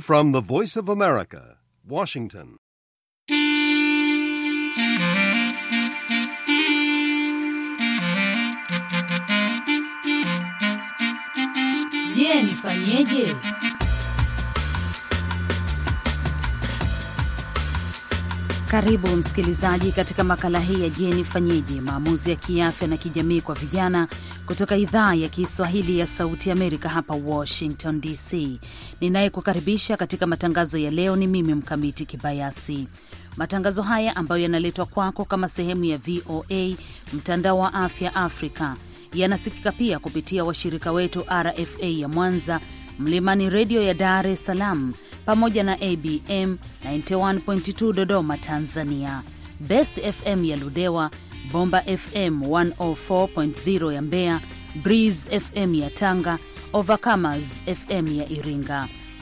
From the Voice of America, Washington. Je, nifanyeje? Karibu msikilizaji katika makala hii ya Je, nifanyeje, maamuzi ya kiafya na kijamii kwa vijana kutoka idhaa ya Kiswahili ya Sauti Amerika hapa Washington DC. Ninayekukaribisha katika matangazo ya leo ni mimi Mkamiti Kibayasi. Matangazo haya ambayo yanaletwa kwako kama sehemu ya VOA mtandao wa afya Afrika yanasikika pia kupitia washirika wetu RFA ya Mwanza, Mlimani Redio ya Dar es Salaam pamoja na ABM 91.2 Dodoma, Tanzania, Best FM ya Ludewa Bomba FM 104.0 ya Mbeya, Breeze FM ya Tanga, Overcomers FM ya Iringa,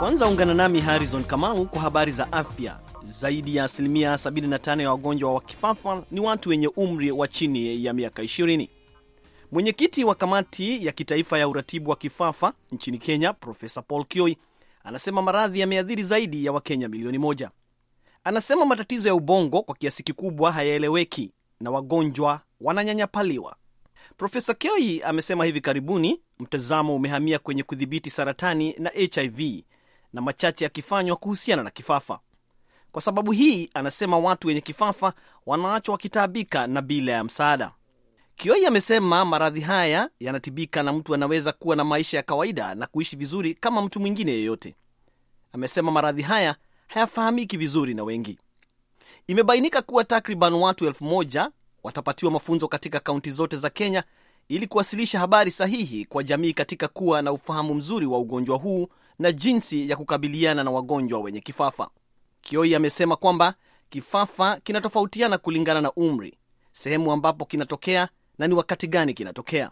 Kwanza ungana nami Harrison Kamau kwa habari za afya. Zaidi ya asilimia 75 ya wagonjwa wa kifafa ni watu wenye umri wa chini ya miaka 20. Mwenyekiti wa kamati ya kitaifa ya uratibu wa kifafa nchini Kenya, Profesa Paul Kioi anasema maradhi yameathiri zaidi ya Wakenya milioni moja. Anasema matatizo ya ubongo kwa kiasi kikubwa hayaeleweki na wagonjwa wananyanyapaliwa. Profesa Kioi amesema hivi karibuni mtazamo umehamia kwenye kudhibiti saratani na HIV na machache yakifanywa kuhusiana na kifafa. Kwa sababu hii, anasema watu wenye kifafa wanaachwa wakitaabika na bila ya msaada. Kioi amesema maradhi haya yanatibika na mtu anaweza kuwa na maisha ya kawaida na kuishi vizuri kama mtu mwingine yeyote. Amesema maradhi haya hayafahamiki vizuri na wengi. Imebainika kuwa takriban watu elfu moja watapatiwa mafunzo katika kaunti zote za Kenya ili kuwasilisha habari sahihi kwa jamii katika kuwa na ufahamu mzuri wa ugonjwa huu na jinsi ya kukabiliana na wagonjwa wenye kifafa. Kioi amesema kwamba kifafa kinatofautiana kulingana na umri, sehemu ambapo kinatokea na ni wakati gani kinatokea.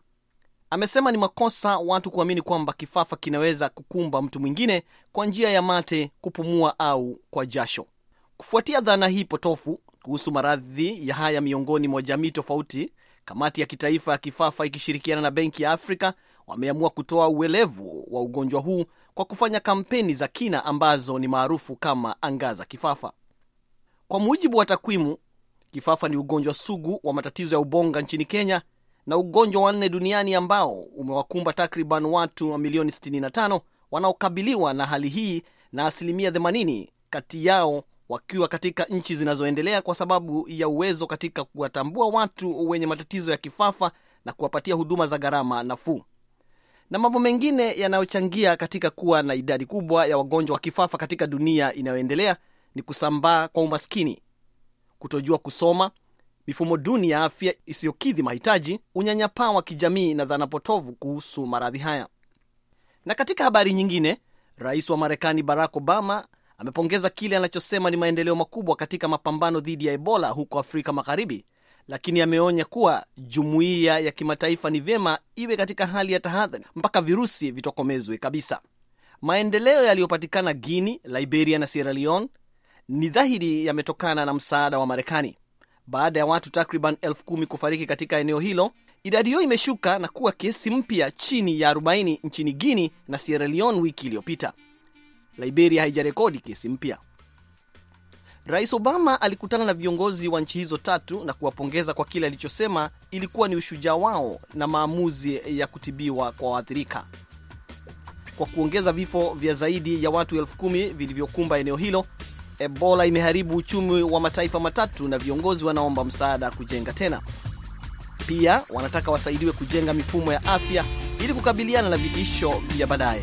Amesema ni makosa watu kuamini kwamba kifafa kinaweza kukumba mtu mwingine kwa njia ya mate, kupumua au kwa jasho. Kufuatia dhana hii potofu kuhusu maradhi ya haya miongoni mwa jamii tofauti, kamati ya kitaifa ya kifafa ikishirikiana na Benki ya Afrika wameamua kutoa uelevu wa ugonjwa huu kwa kufanya kampeni za kina ambazo ni maarufu kama angaza kifafa. Kwa mujibu wa takwimu, kifafa ni ugonjwa sugu wa matatizo ya ubonga nchini Kenya na ugonjwa wa nne duniani ambao umewakumba takriban watu wa milioni 65 wanaokabiliwa na hali hii na asilimia 80 kati yao wakiwa katika nchi zinazoendelea kwa sababu ya uwezo katika kuwatambua watu wenye matatizo ya kifafa na kuwapatia huduma za gharama nafuu na mambo mengine yanayochangia katika kuwa na idadi kubwa ya wagonjwa wa kifafa katika dunia inayoendelea ni kusambaa kwa umaskini, kutojua kusoma, mifumo duni ya afya isiyokidhi mahitaji, unyanyapaa wa kijamii na dhana potovu kuhusu maradhi haya. Na katika habari nyingine, rais wa Marekani Barack Obama amepongeza kile anachosema ni maendeleo makubwa katika mapambano dhidi ya Ebola huko Afrika Magharibi lakini ameonya kuwa jumuiya ya kimataifa ni vyema iwe katika hali ya tahadhari mpaka virusi vitokomezwe kabisa. Maendeleo yaliyopatikana Guini, Liberia na Sierra Leone ni dhahiri yametokana na msaada wa Marekani. Baada ya watu takriban elfu kumi kufariki katika eneo hilo, idadi hiyo imeshuka na kuwa kesi mpya chini ya 40 nchini Guini na Sierra Leone wiki iliyopita. Liberia haijarekodi kesi mpya. Rais Obama alikutana na viongozi wa nchi hizo tatu na kuwapongeza kwa kile alichosema ilikuwa ni ushujaa wao na maamuzi ya kutibiwa kwa waathirika kwa kuongeza vifo vya zaidi ya watu elfu kumi vilivyokumba eneo hilo. Ebola imeharibu uchumi wa mataifa matatu na viongozi wanaomba msaada kujenga tena. Pia wanataka wasaidiwe kujenga mifumo ya afya ili kukabiliana na vitisho vya baadaye.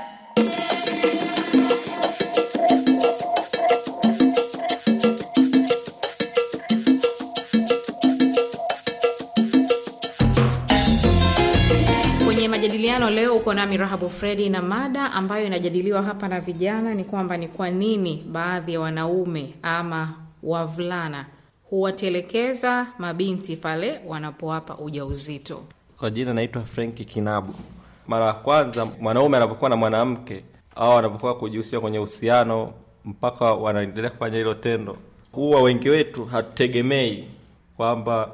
leo uko nami Rahabu Fredi, na mada ambayo inajadiliwa hapa na vijana ni kwamba ni kwa nini baadhi ya wanaume ama wavulana huwatelekeza mabinti pale wanapowapa uzito Kwa jina naitwa Frenki Kinabu. Mara ya kwanza mwanaume anapokuwa na mwanamke au anapokuwa kujihusisha kwenye uhusiano mpaka wanaendelea kufanya hilo tendo, huwa wengi wetu hatutegemei kwamba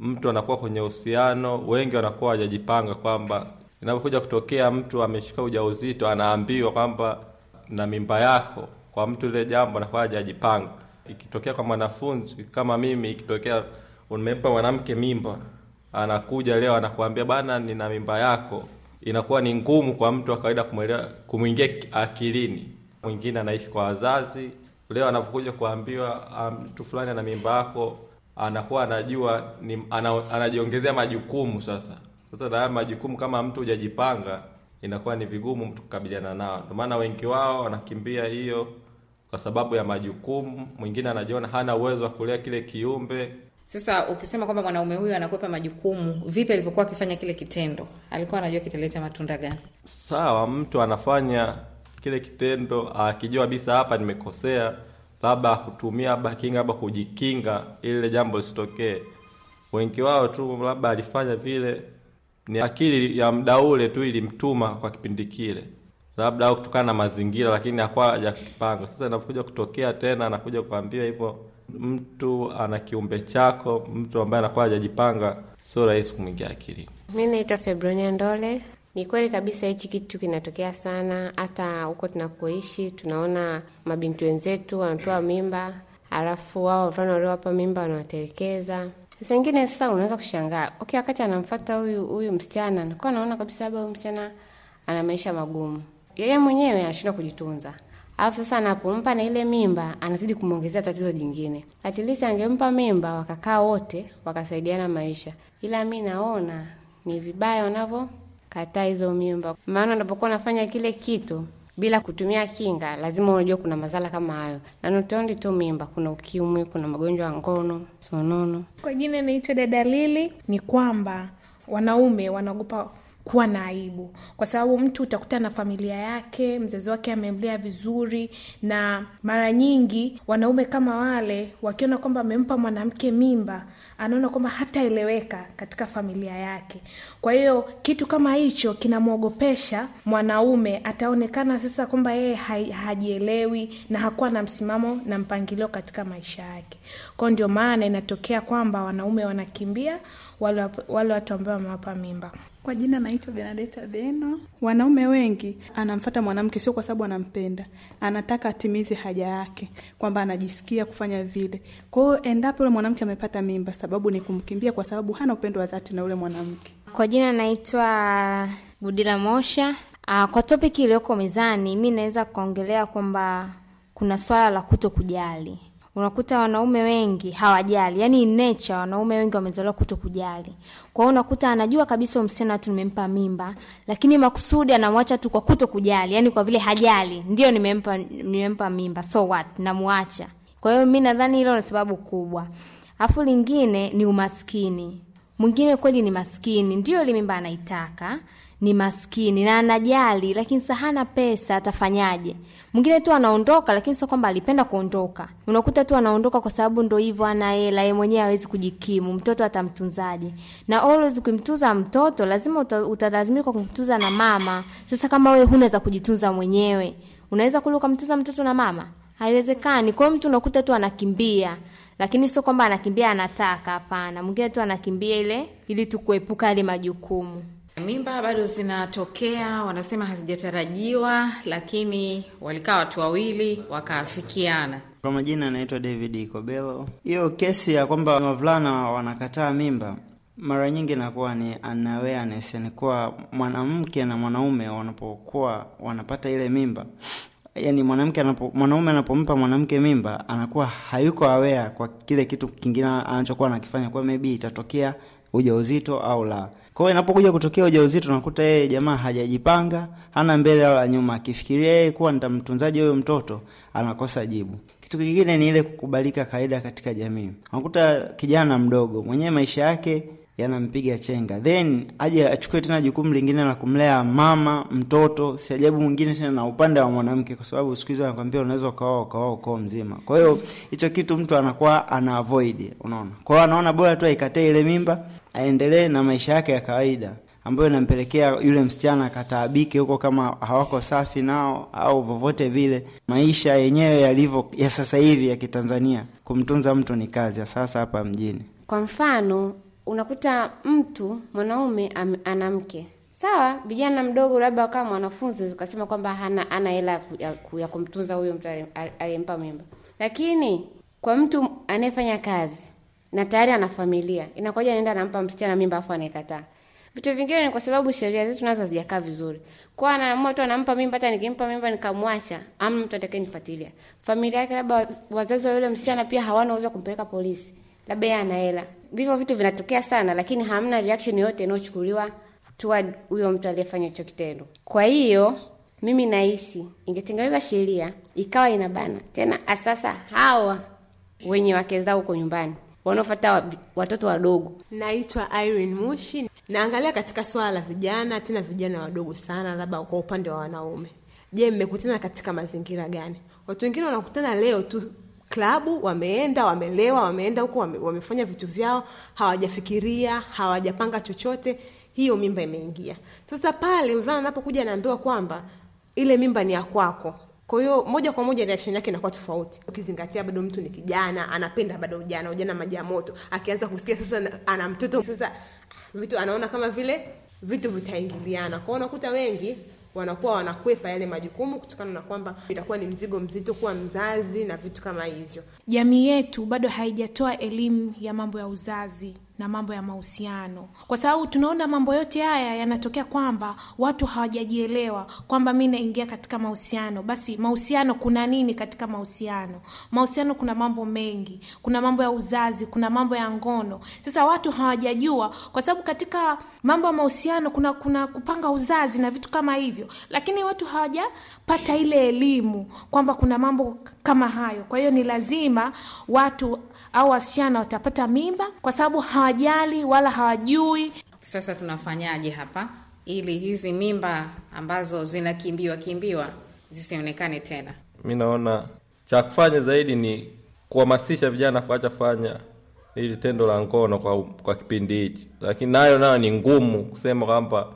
mtu anakuwa kwenye uhusiano. Wengi wanakuwa wajajipanga kwamba inapokuja kutokea mtu ameshika ujauzito anaambiwa kwamba na mimba yako, kwa mtu ile jambo anakuwa hajajipanga. Ikitokea kwa mwanafunzi kama mimi, ikitokea umempa mwanamke mimba, anakuja leo anakuambia bana, nina mimba yako, inakuwa ni ngumu kwa mtu wa kawaida kumwelewa, kumwingia akilini. Mwingine anaishi kwa wazazi, leo anapokuja kuambiwa mtu um, fulani ana mimba yako, anakuwa anajua ni, ana, anajiongezea majukumu sasa sasa na majukumu kama mtu hujajipanga inakuwa ni vigumu mtu kukabiliana nao. Ndio maana wengi wao wanakimbia hiyo kwa sababu ya majukumu. Mwingine anajiona hana uwezo wa kulea kile kiumbe. Sasa ukisema kwamba mwanaume huyu anakwepa majukumu, vipi alivyokuwa akifanya kile kitendo? Alikuwa anajua kitaleta matunda gani? Sawa, mtu anafanya kile kitendo akijua kabisa hapa nimekosea, labda kutumia bakinga, labda kujikinga, ile jambo lisitokee. Wengi wao tu labda alifanya vile ni akili ya mda ule tu ilimtuma kwa kipindi kile, labda au kutokana na mazingira, lakini hakuwa hajakipanga. Sasa inakuja kutokea tena, anakuja kuambiwa hivyo mtu ana kiumbe chako, mtu ambaye anakuwa hajajipanga, sio rahisi kumwingia akilini. Mi naitwa Febronia Ndole. Ni kweli kabisa hichi kitu kinatokea sana, hata huko tunakoishi tunaona mabinti wenzetu wanapewa mimba, halafu wao mfano waliowapa mimba wanawatelekeza sasa sasa unaweza kushangaa, okay, wakati anamfuata huyu huyu msichana nilikuwa naona kabisa labda huyu msichana ana maisha magumu, yeye mwenyewe anashindwa kujitunza, alafu sasa anapompa na ile mimba anazidi kumwongezea tatizo jingine. At least angempa mimba wakakaa wote wakasaidiana maisha, ila mi naona ni vibaya wanavyokataa hizo mimba, maana unapokuwa unafanya kile kitu bila kutumia kinga, lazima unajua kuna madhara kama hayo, na not only tu mimba, kuna ukimwi, kuna magonjwa ya ngono, sonono. Kwa jina naitwa dada Lili. Ni kwamba wanaume wanaogopa kuwa na aibu, kwa sababu mtu utakuta na familia yake, mzazi wake amemlea vizuri, na mara nyingi wanaume kama wale wakiona kwamba amempa mwanamke mimba anaona kwamba hataeleweka katika familia yake. Kwa hiyo kitu kama hicho kinamwogopesha mwanaume, ataonekana sasa kwamba yeye hajielewi na hakuwa na msimamo na mpangilio katika maisha yake. Kwao ndio maana inatokea kwamba wanaume wanakimbia wale watu ambao wamewapa mimba. Kwa jina naitwa Benadeta Beno. Wanaume wengi anamfata mwanamke sio kwa sababu anampenda, anataka atimize haja yake, kwamba anajisikia kufanya vile. Kwa hiyo endapo yule mwanamke amepata mimba, sababu ni kumkimbia, kwa sababu hana upendo wa dhati na yule mwanamke. Kwa jina naitwa Budila Mosha. Ah, kwa topiki iliyoko mezani, mi naweza kuongelea kwamba kuna swala la kuto kujali unakuta wanaume wengi hawajali, yani nature, wanaume wengi wamezaliwa kuto kujali. Kwa hiyo unakuta anajua kabisa msichana tu nimempa mimba, lakini makusudi anamwacha tu kwa kuto kujali, yani kwa vile hajali, ndio nimempa, nimempa mimba, so what, namwacha. Kwa hiyo mi nadhani hilo ni sababu kubwa, afu lingine ni umaskini. Mwingine kweli ni maskini, ndio ile mimba anaitaka ni maskini na anajali, lakini sa hana pesa, atafanyaje? Mwingine tu anaondoka, lakini sio kwamba alipenda kuondoka. Unakuta tu anaondoka kwa sababu ndo hivyo, ana hela, yeye mwenyewe hawezi kujikimu. Mtoto atamtunzaje? Na always ukimtunza mtoto lazima utalazimika kumtunza na mama. Sasa kama wewe huna za kujitunza mwenyewe, unaweza kule ukamtunza mtoto na mama? Haiwezekani. Kwa hiyo mtu unakuta tu anakimbia lakini sio kwamba anakimbia anataka, hapana. Mwingine tu anakimbia ile ili tu kuepuka yale majukumu. Mimba bado zinatokea, wanasema hazijatarajiwa, lakini walikaa watu wawili wakaafikiana. Kwa majina anaitwa David kobelo Hiyo kesi ya kwamba wavulana wanakataa mimba mara nyingi inakuwa ni unawareness, yani kuwa mwanamke na mwanaume wanapokuwa wanapata ile mimba, yani mwanamke anapo, mwanaume anapompa mwanamke mimba anakuwa hayuko awea kwa kile kitu kingine anachokuwa anakifanya, kwa maybe itatokea uzito au la kwa hiyo inapokuja kutokea ujauzito unakuta yeye jamaa hajajipanga, hana mbele wala nyuma, akifikiria yeye kuwa nitamtunzaje huyo mtoto, anakosa jibu. Kitu kingine ni ile kukubalika kawaida katika jamii. Unakuta kijana mdogo mwenyewe maisha yake yanampiga chenga, then aje achukue tena jukumu lingine la kumlea mama mtoto, si ajabu mwingine tena na upande wa mwanamke, kwa sababu siku hizi anakwambia unaweza ukaoa ukaoa ukoo mzima. Kwa hiyo hicho kitu mtu anakuwa ana avoid, unaona. Kwa hiyo anaona bora tu aikatee ile mimba aendelee na maisha yake ya kawaida ambayo inampelekea yule msichana akataabike huko kama hawako safi nao au vovote vile. Maisha yenyewe yalivyo ya sasa hivi ya Kitanzania, kumtunza mtu ni kazi ya sasa hapa mjini. Kwa mfano, unakuta mtu mwanaume ana mke sawa, vijana mdogo labda kama mwanafunzi, ukasema kwamba hana ana hela ya, ya kumtunza huyo mtu aliyempa mimba, lakini kwa mtu anayefanya kazi na tayari ana familia, inakuja anaenda anampa msichana mimba afu anaekataa Vitu vingine ni kwa sababu sheria zetu nazo hazijakaa vizuri, kwa anaamua tu anampa mimba, hata nikimpa mimba nikamwacha, amna mtu atakayenifuatilia. Familia yake labda wazazi wa yule msichana pia hawana uwezo kumpeleka polisi, labda yeye ana hela. vitu vinatokea sana, lakini hamna reaction yoyote inayochukuliwa toward huyo mtu aliyefanya hicho kitendo. Kwa hiyo mimi nahisi ingetengeneza sheria ikawa inabana tena, asasa ah, hawa wenye wake zao huko nyumbani wanaofata watoto wadogo. Naitwa Irene Mushi, naangalia katika swala la vijana, tena vijana wadogo sana, labda kwa upande wa wanaume. Je, mmekutana katika mazingira gani? Watu wengine wanakutana leo tu klabu, wameenda wamelewa, wameenda huko wame, wamefanya vitu vyao, hawajafikiria, hawajapanga chochote, hiyo mimba imeingia. Sasa pale mvulana anapokuja anaambiwa kwamba ile mimba ni ya kwako, kwa hiyo moja kwa moja reaction yake inakuwa tofauti, ukizingatia bado mtu ni kijana, anapenda bado ujana, ujana maji ya moto. Akianza kusikia sasa ana mtoto sasa, ah, vitu anaona kama vile vitu vitaingiliana kwao. Unakuta wengi wanakuwa wanakwepa yale majukumu kutokana na kwamba itakuwa ni mzigo mzito kuwa mzazi na vitu kama hivyo. Jamii yetu bado haijatoa elimu ya mambo ya uzazi na mambo ya mahusiano, kwa sababu tunaona mambo yote haya yanatokea kwamba watu hawajajielewa kwamba mi naingia katika mahusiano. Basi mahusiano kuna nini? Katika mahusiano, mahusiano kuna mambo mengi, kuna mambo ya uzazi, kuna mambo ya ngono. Sasa watu hawajajua, kwa sababu katika mambo ya mahusiano kuna kuna kupanga uzazi na vitu kama hivyo, lakini watu hawajapata ile elimu kwamba kuna mambo kama hayo. Kwa hiyo ni lazima watu au wasichana watapata mimba kwa sababu hawajali wala hawajui. Sasa tunafanyaje hapa ili hizi mimba ambazo zinakimbiwa kimbiwa zisionekane tena? Mi naona cha kufanya zaidi ni kuhamasisha vijana kuacha fanya ili tendo la ngono kwa, kwa kipindi hichi, lakini nayo nayo ni ngumu kusema kwamba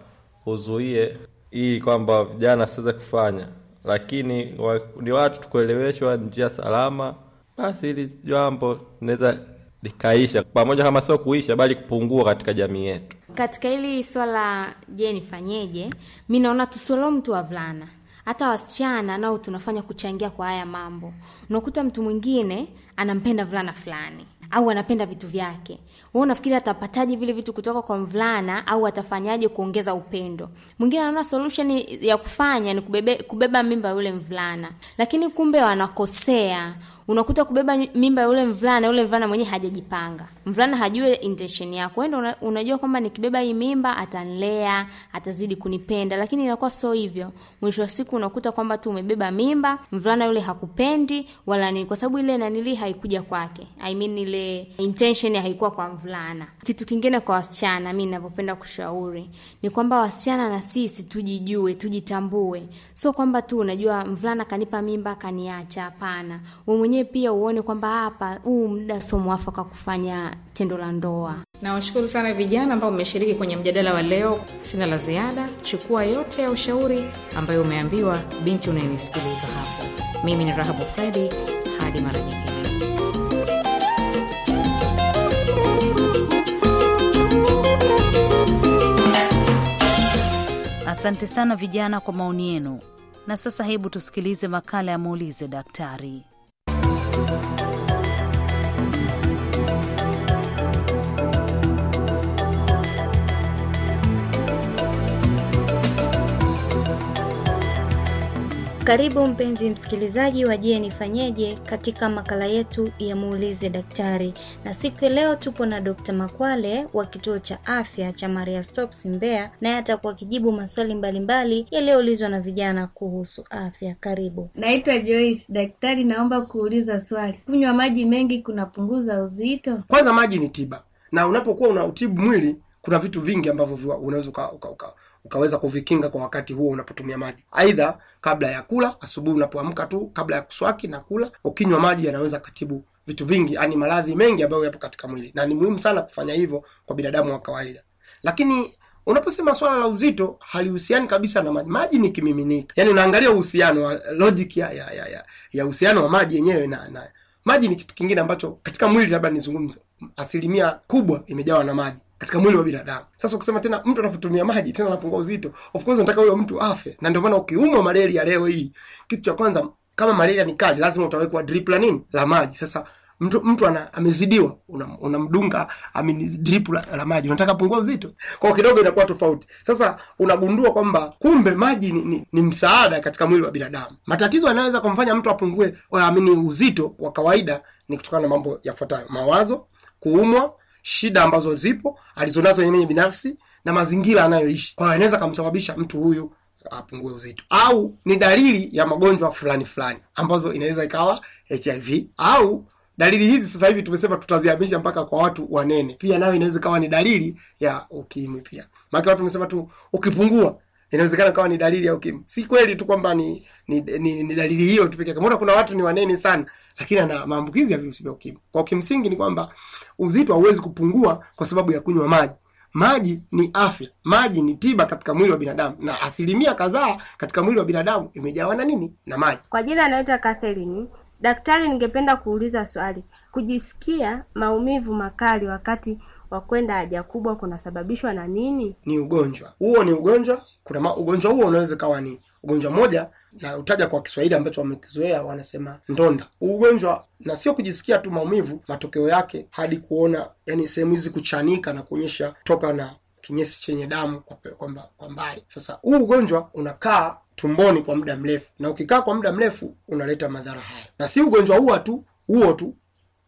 huzuie ili kwamba vijana siweze kufanya, lakini wa, ni watu tukueleweshwa njia salama basi hili jambo linaweza likaisha pamoja, kama sio kuisha, bali kupungua katika jamii yetu. Katika hili swala, je, nifanyeje? Mi naona tusolo mtu wa wavulana, hata wasichana nao tunafanya kuchangia kwa haya mambo. Unakuta mtu mwingine anampenda vulana fulani au anapenda vitu vyake. Wewe unafikiri atapataje vile vitu kutoka kwa mvulana au atafanyaje kuongeza upendo? Mwingine anaona solution ya kufanya ni kubebe, kubeba mimba yule mvulana, lakini kumbe wanakosea unakuta kubeba mimba yule mvulana, yule mvulana mwenyewe hajajipanga, mvulana hajue intention yako. Wewe una, unajua kwamba nikibeba hii mimba atanlea atazidi kunipenda, lakini inakuwa sio hivyo. Mwisho wa siku unakuta kwamba tu umebeba mimba, mvulana yule hakupendi wala nini kwa sababu ile nanili haikuja kwake, I mean ile intention haikuwa kwa mvulana. Kitu kingine kwa wasichana, mi ninavyopenda kushauri ni kwamba wasichana na sisi tujijue, tujitambue, sio kwamba tu unajua mvulana kanipa mimba kaniacha. Hapana, wewe mwenyewe mwenyewe pia uone kwamba ah, hapa huu muda sio mwafaka kufanya tendo la ndoa. Nawashukuru sana vijana ambao mmeshiriki kwenye mjadala wa leo. Sina la ziada, chukua yote ya ushauri ambayo umeambiwa, binti unayenisikiliza hapo. Mimi ni Rahabu Fredi, hadi mara nyingine. Asante sana vijana kwa maoni yenu. Na sasa hebu tusikilize makala ya muulize daktari. Karibu mpenzi msikilizaji wa Je nifanyeje katika makala yetu ya muulize daktari, na siku ya leo tupo na Dr. Makwale wa kituo cha afya cha Maria Stopes Mbeya, naye atakuwa akijibu maswali mbalimbali yaliyoulizwa na vijana kuhusu afya. Karibu. Naitwa Joyce. Daktari, naomba kuuliza swali, kunywa maji mengi kunapunguza uzito? Kwanza maji ni tiba, na unapokuwa unautibu mwili kuna vitu vingi ambavyo unaweza uka, uka, uka, ukaweza kuvikinga kwa wakati huo unapotumia maji. Aidha, kabla ya kula asubuhi, unapoamka tu, kabla ya kuswaki na kula, ukinywa maji yanaweza katibu vitu vingi, yani maradhi mengi ambayo yapo katika mwili, na ni muhimu sana kufanya hivyo kwa binadamu wa kawaida. Lakini unaposema swala la uzito halihusiani kabisa na maji. Maji ni kimiminika, yaani unaangalia uhusiano wa logic ya ya ya ya uhusiano wa maji yenyewe na, na maji ni kitu kingine ambacho katika mwili labda nizungumze, asilimia kubwa imejawa na maji katika mwili wa binadamu. Sasa ukisema tena mtu anapotumia maji tena anapungua uzito, of course unataka huyo mtu afe, na ndio maana ukiumwa malaria leo hii, kitu cha kwanza kama malaria ni kali, lazima utawekwa drip la nini la maji. Sasa mtu mtu ana, amezidiwa unamdunga una amini drip la, la maji, unataka pungua uzito kwa kidogo, inakuwa tofauti. Sasa unagundua kwamba kumbe maji ni, ni, ni msaada katika mwili wa binadamu. Matatizo yanayoweza kumfanya mtu apungue amini uzito wa kawaida ni kutokana na mambo yafuatayo: mawazo, kuumwa shida ambazo zipo alizonazo yeye binafsi na mazingira anayoishi. Kwa anaweza kumsababisha mtu huyu apungue uzito, au ni dalili ya magonjwa fulani fulani ambazo inaweza ikawa HIV au dalili hizi sasa hivi tumesema tutazihamisha mpaka kwa watu wanene, pia nayo inaweza ikawa ni dalili ya ukimwi pia, maana watu tumesema tu ukipungua inawezekana kawa ni dalili ya ukimwi. Si kweli tu kwamba ni, ni, ni, ni dalili hiyo tu kuna watu ni wanene sana, lakini ana maambukizi ya virusi vya ukimwi. Kwa kimsingi ni kwamba uzito hauwezi kupungua kwa sababu ya kunywa maji. Maji ni afya, maji ni tiba katika mwili wa binadamu, na asilimia kadhaa katika mwili wa binadamu imejawa na nini? Na maji. Kwa jina anaitwa Catherine. Daktari, ningependa kuuliza swali, kujisikia maumivu makali wakati wa kwenda haja kubwa kunasababishwa na nini? Ni ugonjwa huo, ni ugonjwa. Kuna ma ugonjwa huo unaweza kawa ni ugonjwa moja, na utaja kwa Kiswahili ambacho wamekizoea, wanasema ndonda. Ugonjwa na sio kujisikia tu maumivu, matokeo yake hadi kuona, yani sehemu hizi kuchanika na kuonyesha toka na kinyesi chenye damu kwa mbali. Sasa huu ugonjwa unakaa tumboni kwa muda mrefu, na ukikaa kwa muda mrefu unaleta madhara haya, na si ugonjwa huo tu huo tu,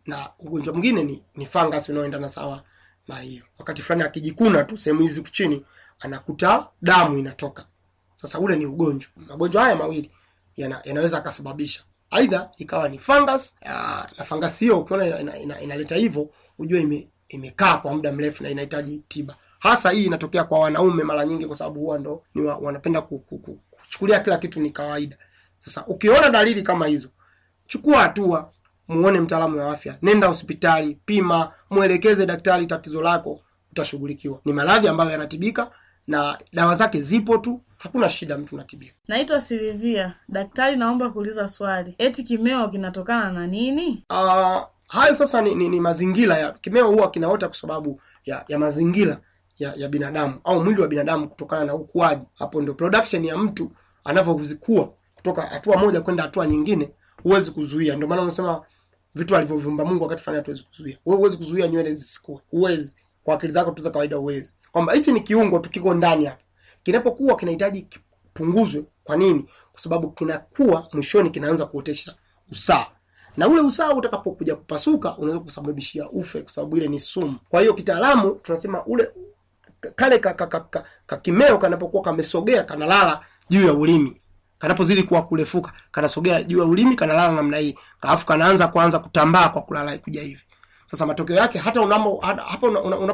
na ugonjwa mwingine ni, ni fangasi unaoendana sawa na hiyo wakati fulani akijikuna tu sehemu hizi chini anakuta damu inatoka. Sasa ule ni ugonjwa. Magonjwa haya mawili yana, yanaweza akasababisha aidha ikawa ni fungus aa, na fungus hiyo ukiona inaleta ina, ina, ina hivyo ujue ime, imekaa kwa muda mrefu na inahitaji tiba. Hasa hii inatokea kwa wanaume mara nyingi, kwa sababu huwa ndo ni wa, wanapenda kuchukulia kila kitu ni kawaida. Sasa ukiona dalili kama hizo, chukua hatua muone mtaalamu wa afya, nenda hospitali, pima, mwelekeze daktari tatizo lako, utashughulikiwa. Ni maradhi ambayo yanatibika na dawa zake zipo tu, hakuna shida, mtu natibia. Naitwa Silivia. Daktari, naomba kuuliza swali, eti kimeo kinatokana na nini? Uh, hayo sasa ni, ni, ni mazingira ya kimeo. Huwa kinaota kwa sababu ya, ya mazingira ya, ya binadamu au mwili wa binadamu, kutokana na ukuaji. Hapo ndio production ya mtu anavyozikua kutoka hatua moja kwenda hatua nyingine, huwezi kuzuia. Ndio maana unasema vitu alivyovumba Mungu wakati fulani hatuwezi kuzuia. Wewe huwezi kuzuia nywele zisikue, huwezi kwa akili zako tu za kawaida, huwezi kwamba hichi ni kiungo tu kiko ndani hapa, kinapokuwa kinahitaji kipunguzwe. Kwa nini? Kwa sababu kinakuwa mwishoni kinaanza kuotesha usaa, na ule usaa utakapokuja kupasuka unaweza kusababishia ufe, kwa sababu ile ni sumu. Kwa hiyo kitaalamu tunasema ule kale kakimeo ka, ka, ka, ka, kanapokuwa kamesogea kanalala juu ya ulimi kanapozidi kuwa kurefuka kanasogea juu ya ulimi, kanalala namna hii, alafu kanaanza kuanza kutambaa kwa kulala kuja hivi. Sasa matokeo yake hata unamo hapo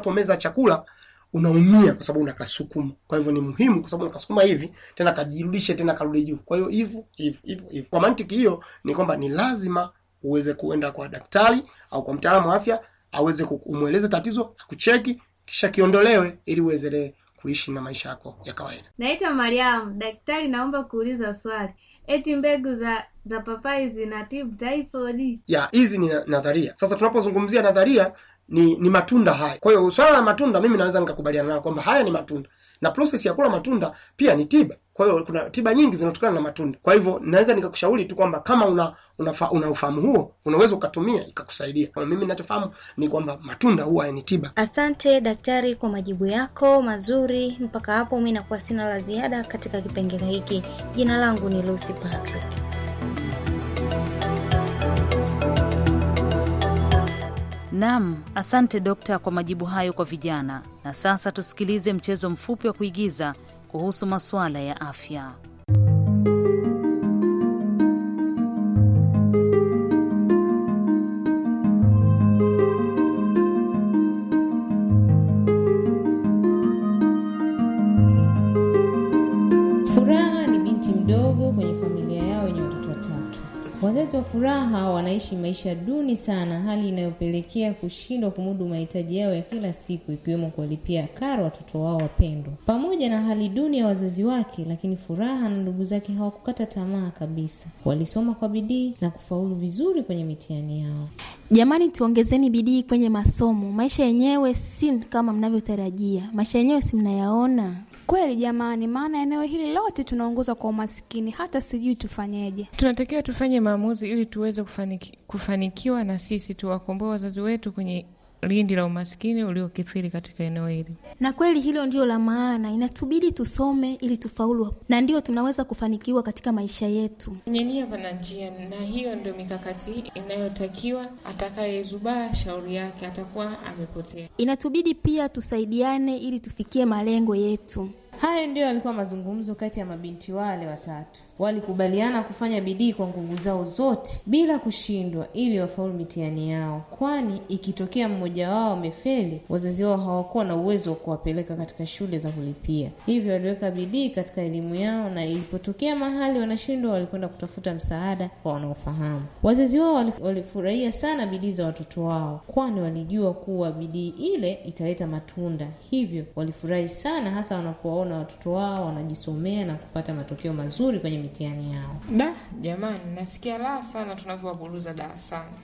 una, chakula unaumia kwa sababu unakasukuma. Kwa hivyo ni muhimu, kwa sababu unakasukuma hivi tena kajirudishe tena karudi juu. Kwa hiyo hivyo hivyo hivyo, kwa mantiki hiyo ni kwamba ni lazima uweze kuenda kwa daktari au kwa mtaalamu wa afya aweze kumweleza tatizo, akucheki kisha kiondolewe ili uwezelee kuishi na maisha yako ya kawaida. Naitwa Mariam. Daktari, naomba kuuliza swali. Eti mbegu za za papai zinatibu typhoid? Ya, hizi ni nadharia. Sasa tunapozungumzia nadharia ni ni matunda haya. Kwa hiyo swala la matunda mimi naweza nikakubaliana nalo kwamba haya ni matunda, na process ya kula matunda pia ni tiba. Kwa hiyo kuna tiba nyingi zinatokana na matunda. Kwa hivyo naweza nikakushauri tu kwamba kama una unafa, una ufahamu huo unaweza ukatumia ikakusaidia. Kwa mimi ninachofahamu ni kwamba matunda huwa ni tiba. Asante daktari kwa majibu yako mazuri. Mpaka hapo mimi nakuwa sina la ziada katika kipengele hiki. Jina langu ni Lucy Patrick. Nam, asante dokta kwa majibu hayo kwa vijana. Na sasa tusikilize mchezo mfupi wa kuigiza kuhusu masuala ya afya. furaha wanaishi maisha duni sana, hali inayopelekea kushindwa kumudu mahitaji yao ya kila siku, ikiwemo kuwalipia karo watoto wao wapendwa. Pamoja na hali duni ya wazazi wake, lakini Furaha na ndugu zake hawakukata tamaa kabisa, walisoma kwa bidii na kufaulu vizuri kwenye mitihani yao. Jamani, tuongezeni bidii kwenye masomo. Maisha yenyewe si kama mnavyotarajia, maisha yenyewe si mnayaona. Kweli jamani, maana eneo hili lote tunaongozwa kwa umasikini, hata sijui tufanyeje. Tunatakiwa tufanye maamuzi ili tuweze kufaniki, kufanikiwa na sisi tuwakomboe wazazi wetu kwenye lindi la umaskini uliokithiri katika eneo hili. Na kweli hilo ndio la maana, inatubidi tusome ili tufaulu, na ndio tunaweza kufanikiwa katika maisha yetu. Kwenye pana njia, na hiyo ndio mikakati inayotakiwa. Atakayezubaa shauri yake atakuwa amepotea. Inatubidi pia tusaidiane ili tufikie malengo yetu. Hayo ndiyo yalikuwa mazungumzo kati ya mabinti wale watatu. Walikubaliana kufanya bidii kwa nguvu zao zote bila kushindwa, ili wafaulu mitihani yao, kwani ikitokea mmoja wao amefeli, wazazi wao hawakuwa na uwezo wa kuwapeleka katika shule za kulipia. Hivyo waliweka bidii katika elimu yao, na ilipotokea mahali wanashindwa, walikwenda kutafuta msaada kwa wanaofahamu. Wazazi wao walifurahia sana bidii za watoto wao, kwani walijua kuwa bidii ile italeta matunda. Hivyo walifurahi sana, hasa wanapoona na watoto wao wanajisomea na kupata matokeo mazuri kwenye mitihani yao. Da jamani, nasikia raha sana tunavyowapuruza darasani.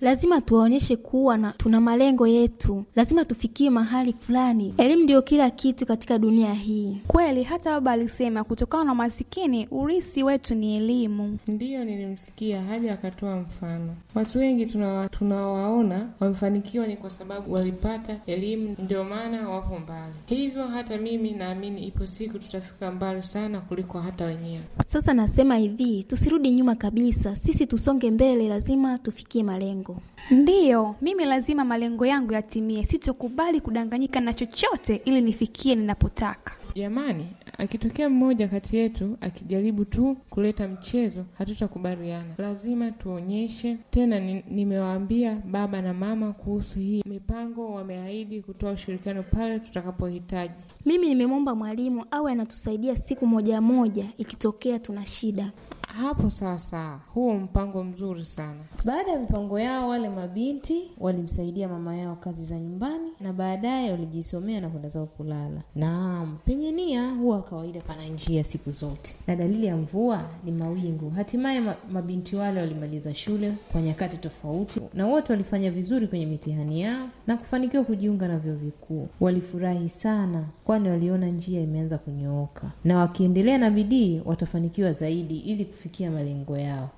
Lazima tuwaonyeshe kuwa na tuna malengo yetu, lazima tufikie mahali fulani. Elimu ndiyo kila kitu katika dunia hii. Kweli, hata baba alisema kutokana na masikini urisi wetu ni elimu. Ndiyo, nilimsikia hadi akatoa mfano. Watu wengi tunawaona tuna wamefanikiwa ni kwa sababu walipata elimu, ndio maana wapo mbali. Hivyo hata mimi naamini ipo siku tutafika mbali sana kuliko hata wenyewe. Sasa nasema hivi, tusirudi nyuma kabisa, sisi tusonge mbele, lazima tufikie malengo malengo. Ndiyo, mimi lazima malengo yangu yatimie. Sitokubali kudanganyika na chochote ili nifikie ninapotaka. Jamani, akitokea mmoja kati yetu akijaribu tu kuleta mchezo, hatutakubaliana. Lazima tuonyeshe tena. Nimewaambia ni baba na mama kuhusu hii mipango, wameahidi kutoa ushirikiano pale tutakapohitaji. Mimi nimemwomba mwalimu awe anatusaidia siku moja moja, ikitokea tuna shida. Hapo sasa, huo mpango mzuri sana. Baada ya mipango yao, wale mabinti walimsaidia mama yao kazi za nyumbani, na baadaye walijisomea na kwenda zao kulala. Naam, penye nia huwa kawaida pana njia siku zote, na dalili ya mvua ni mawingu. Hatimaye mabinti wale walimaliza shule kwa nyakati tofauti, na wote walifanya vizuri kwenye mitihani yao na kufanikiwa kujiunga na vyuo vikuu. Walifurahi sana, kwani waliona njia imeanza kunyooka, na wakiendelea na bidii watafanikiwa zaidi ili kufikia malengo yao.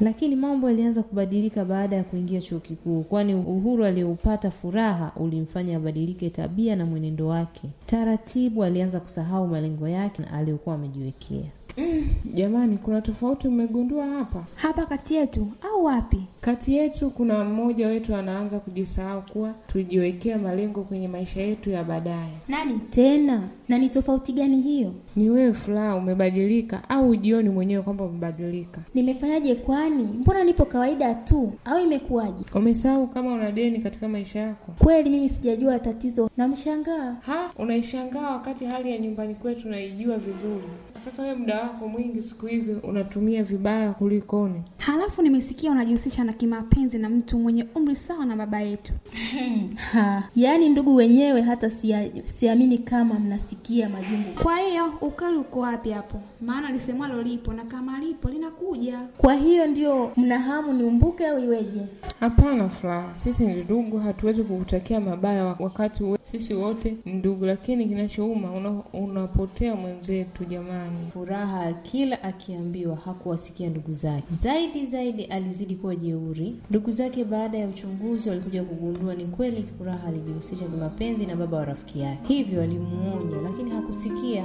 Lakini mambo yalianza kubadilika baada ya kuingia chuo kikuu, kwani uhuru aliyoupata furaha ulimfanya abadilike tabia na mwenendo wake. Taratibu alianza kusahau malengo yake aliyokuwa amejiwekea. Mm, jamani kuna tofauti umegundua hapa? Hapa kati yetu au wapi? Kati yetu kuna mmoja wetu anaanza kujisahau kuwa tujiwekea malengo kwenye maisha yetu ya baadaye. Nani tena? Na ni tofauti gani hiyo? Ni wewe Furaha, umebadilika au ujioni mwenyewe kwamba umebadilika? Nimefanyaje kwani? Mbona nipo kawaida tu au imekuwaje? Umesahau kama una deni katika maisha yako? Kweli mimi sijajua tatizo, namshangaa. Ha, unaishangaa wakati hali ya nyumbani kwetu naijua vizuri. Sasa wewe muda wako mwingi siku hizi unatumia vibaya kulikoni? Halafu nimesikia unajihusisha na kimapenzi na mtu mwenye umri sawa na baba yetu. Yaani ndugu wenyewe hata siamini kama mnasikia majungu. Kwa hiyo ukali uko wapi hapo? Maana lisemwalo lipo na kama lipo linakuja. Kwa hiyo ndio mnahamu niumbuke au iweje? Hapana Furaha, sisi ni ndugu, hatuwezi kukutakia mabaya wakati we, sisi wote ni ndugu, lakini kinachouma una, unapotea mwenzetu. Jamani, Furaha kila akiambiwa hakuwasikia ndugu zake. Zaidi zaidi alizidi kuwa jeuri. Ndugu zake baada ya uchunguzi walikuja kugundua ni kweli Furaha alijihusisha kimapenzi na baba wa rafiki yake, hivyo alimuonya lakini hakusikia.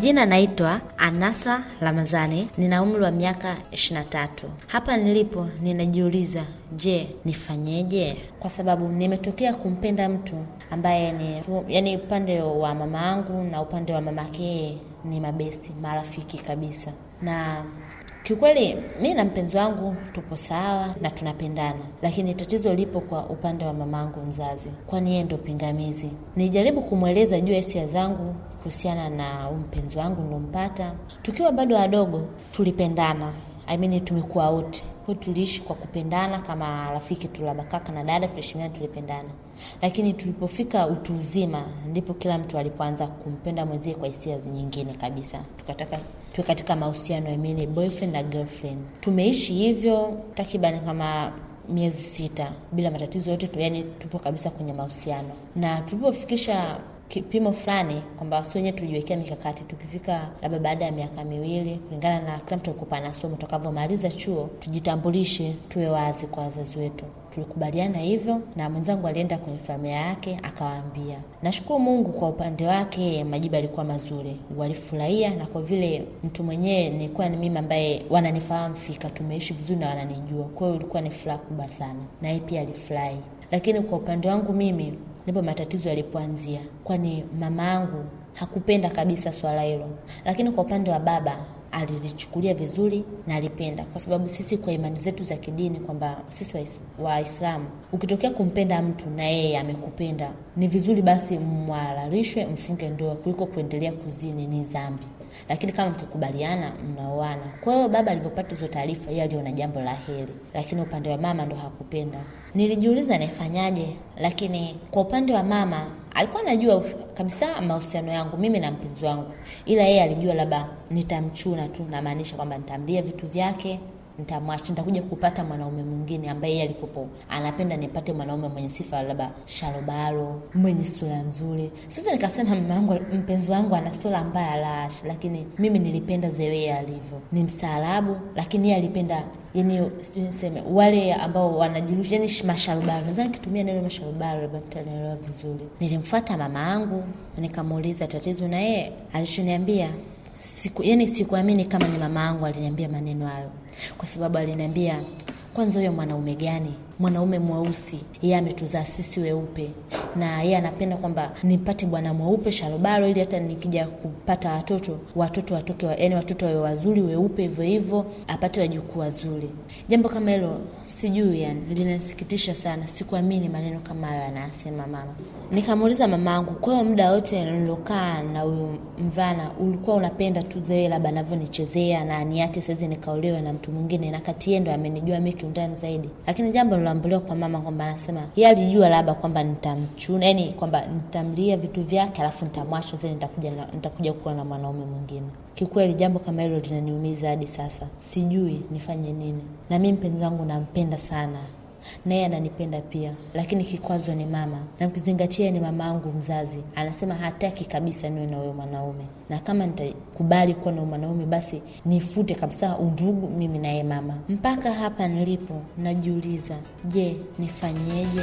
jina naitwa Anasra Ramazani, nina umri wa miaka 23. Hapa nilipo ninajiuliza, je, nifanyeje? Kwa sababu nimetokea kumpenda mtu ambaye ni yani, upande wa mama yangu na upande wa mamake ni mabesi marafiki kabisa, na kiukweli mi na mpenzi wangu tupo sawa na tunapendana, lakini tatizo lipo kwa upande wa mamangu mzazi, kwani yeye ndo pingamizi. nijaribu kumweleza juu ya hisia zangu kuhusiana na mpenzi wangu nilompata. Tukiwa bado wadogo tulipendana, I mean tumekuwa wote kwa tuliishi kwa kupendana kama rafiki tu, labda kaka na dada, tuliheshimiana, tulipendana. Lakini tulipofika utu uzima, ndipo kila mtu alipoanza kumpenda mwenzie kwa hisia nyingine kabisa, tukataka tuwe katika mahusiano I mean boyfriend na girlfriend. Tumeishi hivyo takriban kama miezi sita bila matatizo yote tu, yani tupo kabisa kwenye mahusiano na tulipofikisha kipimo fulani kwamba si wenyewe tujiwekea mikakati, tukifika labda baada ya miaka miwili, kulingana na kila mtu na somo tutakavyomaliza chuo tujitambulishe, tuwe wazi kwa wazazi wetu. Tulikubaliana hivyo, na mwenzangu alienda kwenye familia yake akawaambia. Nashukuru Mungu kwa upande wake, majibu alikuwa mazuri, walifurahia. Na kwa vile mtu mwenyewe nilikuwa ni mimi ambaye wananifahamu fika, tumeishi vizuri na wananijua, kwa hiyo ilikuwa ni furaha kubwa sana, na yeye pia alifurahi. Lakini kwa upande wangu mimi ndipo matatizo yalipoanzia, kwani mama yangu hakupenda kabisa swala hilo, lakini kwa upande wa baba alilichukulia vizuri na alipenda, kwa sababu sisi kwa imani zetu za kidini kwamba sisi Waislamu ukitokea kumpenda mtu na yeye amekupenda, ni vizuri basi mwalarishwe, mfunge ndoa kuliko kuendelea kuzini, ni dhambi. Lakini kama mkikubaliana, mnaoana. Kwa hiyo baba alivyopata hizo taarifa, yeye aliona jambo la heri, lakini upande wa mama ndo hakupenda. Nilijiuliza naifanyaje, lakini kwa upande wa mama alikuwa anajua kabisa mahusiano yangu mimi na mpenzi wangu, ila yeye alijua labda nitamchuna tu, namaanisha kwamba nitamlia vitu vyake nitamwacha, nitakuja kupata mwanaume mwingine ambaye yeye alikopo anapenda nipate mwanaume mwenye sifa labda sharobaro, mwenye sura nzuri. Sasa nikasema mama yangu, mpenzi wangu ana sura mbaya la, lakini mimi nilipenda zewee alivyo, ni mstaarabu, lakini yeye alipenda yani, sijui niseme wale ambao wanajirusha yani masharobaro, nadhani nikitumia neno masharobaro labda mtanielewa vizuri. Nilimfuata mama yangu nikamuuliza tatizo, na yeye alichoniambia siku, yani sikuamini kama ni mama yangu aliniambia maneno hayo, kwa sababu aliniambia, kwanza huyo mwanaume gani mwanaume mweusi, yeye ametuzaa sisi weupe, na yeye anapenda kwamba nipate bwana mweupe sharobaro, ili hata nikija kupata watoto watoto watoke wa, yani watoto wawe wazuri weupe, hivyo hivyo apate wajukuu wazuri. Jambo kama hilo sijui, yani linasikitisha sana, sikuamini maneno kama hayo anasema mama. Nikamuuliza mamangu, kwa hiyo muda wote nilokaa na huyu mvana ulikuwa unapenda tu zee labda navyonichezea na niache saizi nikaolewe na mtu mwingine, na kati yeye ndo amenijua mi kiundani zaidi, lakini jambo kulambuliwa kwa mama, kwamba anasema yeye alijua labda kwamba nitamchuna, yani kwamba nitamlia vitu vyake alafu nitamwasha zeni, nitakuja nitakuja kuwa na mwanaume mwingine. Kikweli jambo kama hilo linaniumiza hadi sasa, sijui nifanye nini. Na mimi mpenzi wangu nampenda sana naye ananipenda pia, lakini kikwazo ni mama, na mkizingatia ni mama angu mzazi, anasema hataki kabisa niwe na huyo mwanaume, na kama nitakubali kuwa na mwanaume, basi nifute kabisa undugu mimi naye mama. Mpaka hapa nilipo najiuliza, je, nifanyeje?